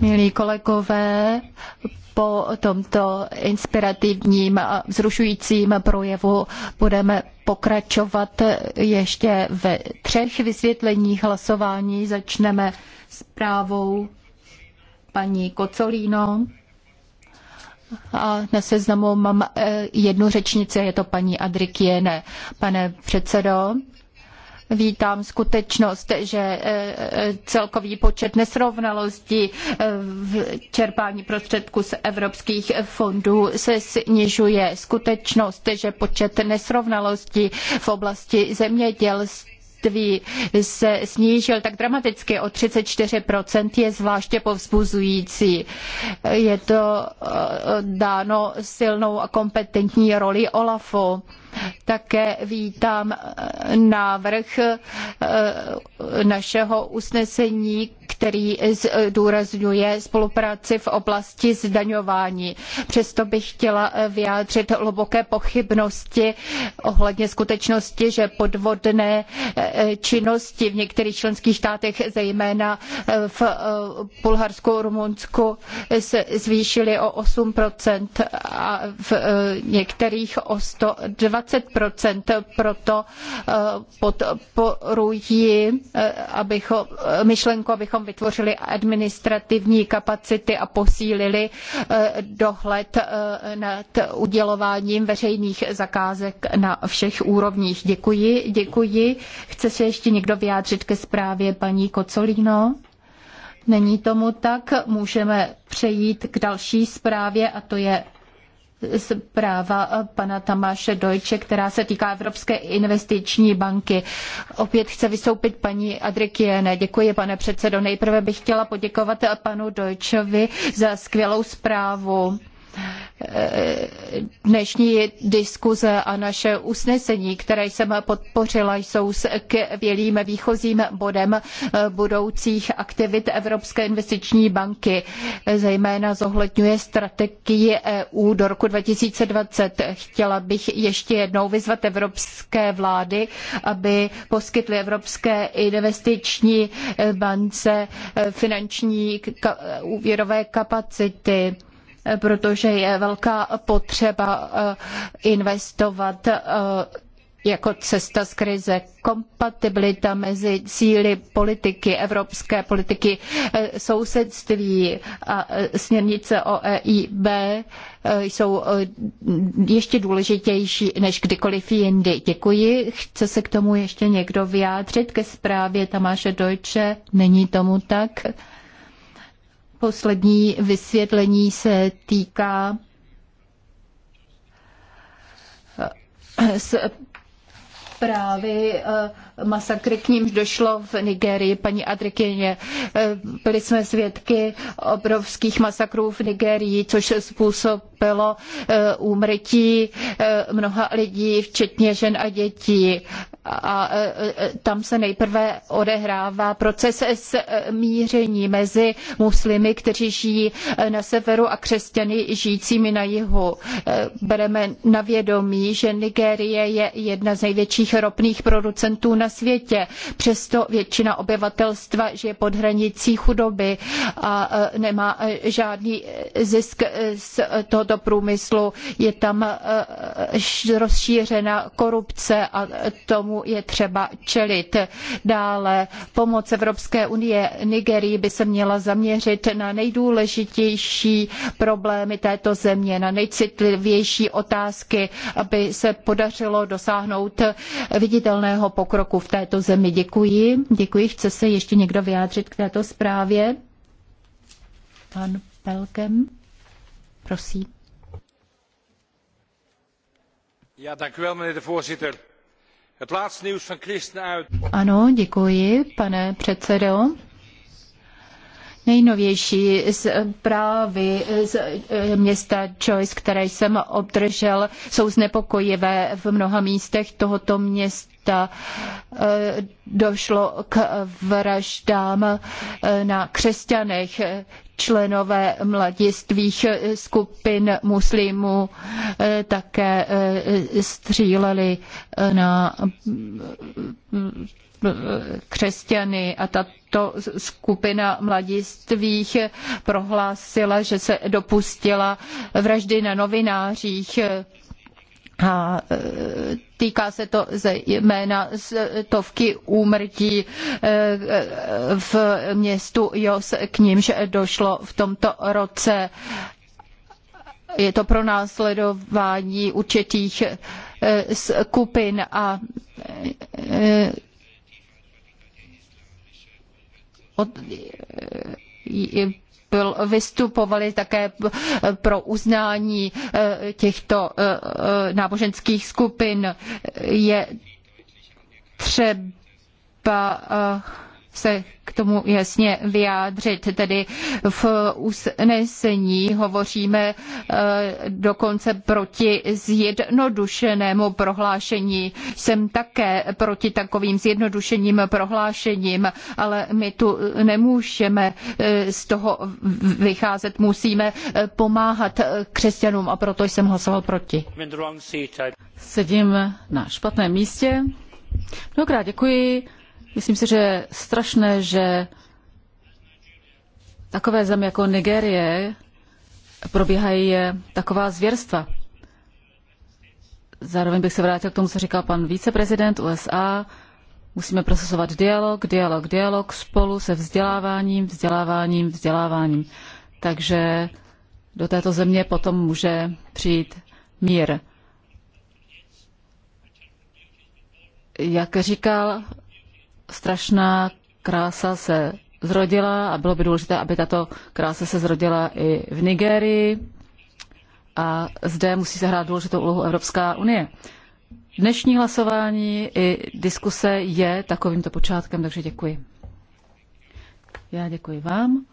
Milí kolegové, po tomto inspirativním a vzrušujícím projevu budeme pokračovat ještě ve třech vysvětleních hlasování. Začneme s paní Kocolíno. A na seznamu mám eh, jednu řečnici, je to paní Adrikiene. Pane předsedo, Vítám skutečnost, že eh, celkový počet nesrovnalostí eh, v čerpání prostředků z evropských fondů se snižuje. Skutečnost, že počet nesrovnalostí v oblasti zemědělství se snížil tak dramaticky o 34%, je zvláště povzbuzující. Je to eh, dáno silnou a kompetentní roli OLAFu také vítám eh, návrh eh, našeho usnesení který zdůrazňuje eh, spolupráci v oblasti zdaňování. Přesto bych chtěla eh, vyjádřit hluboké pochybnosti ohledně skutečnosti, že podvodné eh, činnosti v některých členských státech, zejména v Bulharsku, a Rumunsku, se zvýšily o 8% a v některých o 120%. Proto podporuji abychom, myšlenku, abychom vytvořili administrativní kapacity a posílili eh, dohled eh, nad udělováním veřejných zakázek na všech úrovních. Děkuji, děkuji. Chce se ještě někdo vyjádřit ke zprávě paní Kocolíno? Není tomu tak, můžeme přejít k další zprávě a to je zpráva eh, pana Tamáše Dojče, která se týká Evropské investiční banky. Opět chce vystoupit paní Adrikiene. Děkuji, pane předsedo. Nejprve bych chtěla poděkovat panu Dojčovi za skvělou zprávu dnešní diskuze a naše usnesení, které jsem podpořila, jsou skvělým výchozím bodem eh, budoucích aktivit Evropské investiční banky. Zejména zohledňuje strategii EU do roku 2020. Chtěla bych ještě jednou vyzvat evropské vlády, aby poskytly Evropské investiční eh, bance eh, finanční úvěrové kapacity Eh, protože je velká potřeba eh, investovat eh, jako cesta z krize, kompatibilita mezi cíly politiky, evropské politiky sousedství a směrnice o EIB jsou ještě důležitější než kdykoliv jindy. Děkuji. Chce se k tomu ještě někdo vyjádřit ke zprávě Tamáše Deutsche? Není tomu tak poslední vysvětlení se týká eh, s právě eh, masakry, k nímž došlo v Nigérii, paní Adrikyně. Eh, byli jsme svědky obrovských masakrů v Nigérii, což způsob bylo eh, úmrtí eh, mnoha lidí, včetně žen a dětí. A eh, tam se nejprve odehrává proces smíření mezi muslimy, kteří žijí na severu a křesťany žijícími na jihu. Bereme na vědomí, že Nigérie je jedna z největších ropných producentů na světě. Přesto většina obyvatelstva žije pod hranicí chudoby a nemá žádný zisk z tohoto tohoto průmyslu. Je tam eh, eh, rozšířena korupce a tomu je třeba čelit. Dále pomoc Evropské unie Nigerii by se měla zaměřit na nejdůležitější problémy této země, na nejcitlivější otázky, aby se podařilo dosáhnout viditelného pokroku v této zemi. Děkuji. Děkuji. Chce se ještě někdo vyjádřit k této zprávě? Pan Pelkem, prosím. Ano, děkuji, pane předsedo. Nejnovější zprávy z eh, města Choice, které jsem obdržel, jsou znepokojivé v mnoha místech tohoto města. Eh, došlo k vraždám eh, na křesťanech členové mladistvých skupin muslimů eh, také eh, stříleli eh, na křesťany a tato skupina mladistvých prohlásila, že se dopustila vraždy na novinářích a e, týká se to zejména stovky úmrtí e, e, v městu Jos, k nímž došlo v tomto roce. Je to pro následování určitých skupin a od, byl, vystupovali také pro uznání e, těchto e, e, náboženských skupin. Je třeba se k tomu jasně vyjádřit. Tedy v usnesení hovoříme eh, dokonce proti zjednodušenému prohlášení. Jsem také proti takovým zjednodušeným prohlášením, ale my tu nemůžeme eh, z toho vycházet. Musíme eh, pomáhat křesťanům a proto jsem hlasoval proti. Sedím na špatném místě. Mnohokrát děkuji. Myslím si, že je strašné, že takové země jako Nigérie probíhají taková zvěrstva. Zároveň bych se vrátil k tomu, co říkal pan viceprezident USA. Musíme procesovat dialog, dialog, dialog spolu se vzděláváním, vzděláváním, vzděláváním. Takže do této země potom může přijít mír. Jak říkal strašná krása se zrodila a bylo by důležité, aby tato krása se zrodila i v Nigérii a zde musí se hrát důležitou úlohu Evropská unie. Dnešní hlasování i diskuse je takovýmto počátkem, takže děkuji. Já děkuji vám.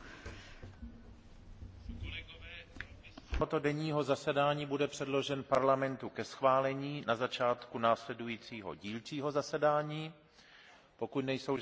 Toto denního zasedání bude předložen parlamentu ke schválení na začátku následujícího dílčího zasedání pokud nejsou